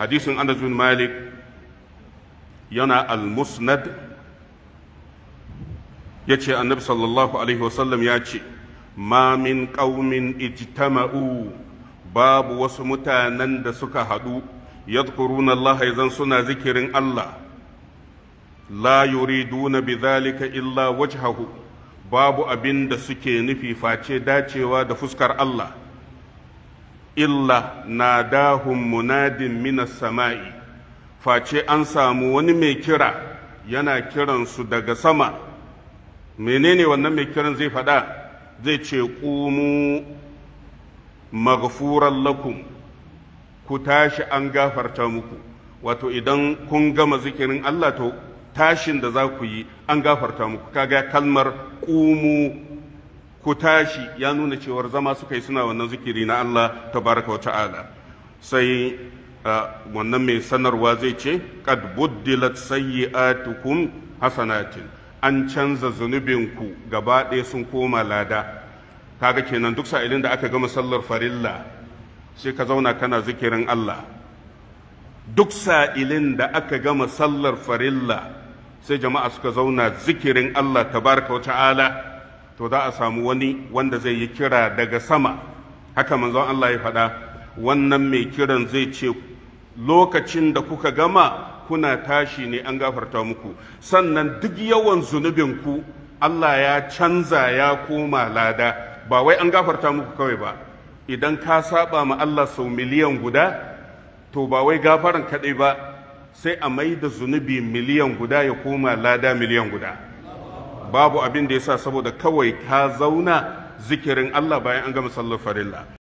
hadisin anas bin malik yana al-musnad ya ce annabi sallallahu alaihi wasallam ya ce ma min ƙaumin ijtama'u babu wasu mutanen da suka haɗu yadhkuruna Allah zan suna zikirin Allah la yuriduna bidhalika illa wajhahu babu abin da suke nufi face dacewa da fuskar Allah illa nadahum munadin minas sama'i face an samu wani mai kira yana kiransu daga sama menene wannan mai kiran zai faɗa zai ce ƙumu maghfuran lakum ku tashi an gafarta muku wato idan kun gama zikirin Allah to tashin da za ku yi an gafarta muku kaga kalmar ƙumu ku tashi ya nuna cewar zama suka yi suna wannan zikiri na Allah tabaraka wa ta'ala sai wannan mai sanarwa zai ce qad buddilat sayyi'atukum hasanatin an canza zunubinku gaba ɗaya sun koma lada kaga kenan duk sa'ilin da aka gama sallar farilla sai ka zauna kana zikirin Allah duk sa'ilin da aka gama sallar farilla sai jama'a suka zauna zikirin Allah tabaraka wa ta'ala to za a samu wani wanda zai yi kira daga sama haka manzon Allah ya faɗa wannan mai kiran zai ce lokacin da kuka gama kuna tashi ne an gafarta muku sannan duk yawan zunubinku Allah ya canza ya koma lada ba wai an gafarta muku kawai ba idan ka saba ma Allah sau miliyan guda to ba wai gafaran kaɗai ba sai a mai da zunubi miliyan guda ya koma lada miliyan guda babu abin da ya sa saboda kawai ka zauna zikirin Allah bayan an gama sallar farilla